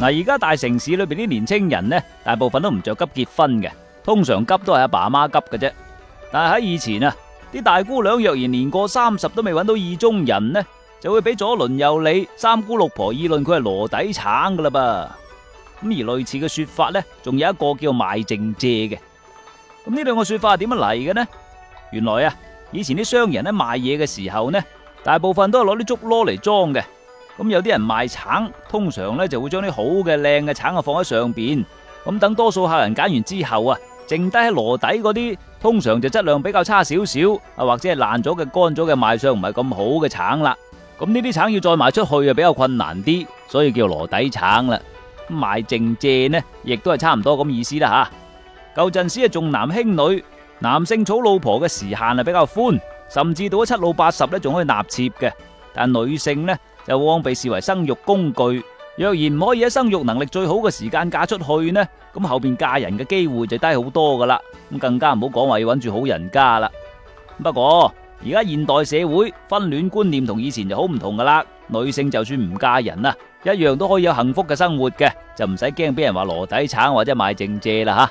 嗱，而家大城市裏邊啲年青人呢，大部分都唔着急結婚嘅，通常急都係阿爸阿媽急嘅啫。但係喺以前啊，啲大姑娘若然年過三十都未揾到意中人呢，就會俾左鄰右里三姑六婆議論佢係羅底橙噶啦噃。咁而類似嘅說法呢，仲有一個叫賣剩蔗嘅。咁呢兩個說法係點樣嚟嘅呢？原來啊，以前啲商人呢賣嘢嘅時候呢，大部分都係攞啲竹籮嚟裝嘅。咁有啲人賣橙，通常呢就會將啲好嘅靚嘅橙啊放喺上邊，咁等多數客人揀完之後啊，剩低喺籮底嗰啲，通常就質量比較差少少啊，或者係爛咗嘅、乾咗嘅賣相唔係咁好嘅橙啦。咁呢啲橙要再賣出去啊，比較困難啲，所以叫籮底橙啦。賣剩蔗呢，亦都係差唔多咁意思啦吓。舊陣時啊，重男輕女，男性娶老婆嘅時限係比較寬，甚至到七老八十呢，仲可以納妾嘅，但女性呢。就往往被視為生育工具，若然唔可以喺生育能力最好嘅時間嫁出去呢，咁後邊嫁人嘅機會就低好多噶啦，咁更加唔好講話要揾住好人家啦。不過而家現代社會婚戀觀念同以前就好唔同噶啦，女性就算唔嫁人啊，一樣都可以有幸福嘅生活嘅，就唔使驚俾人話籮底橙或者賣剩蔗啦吓。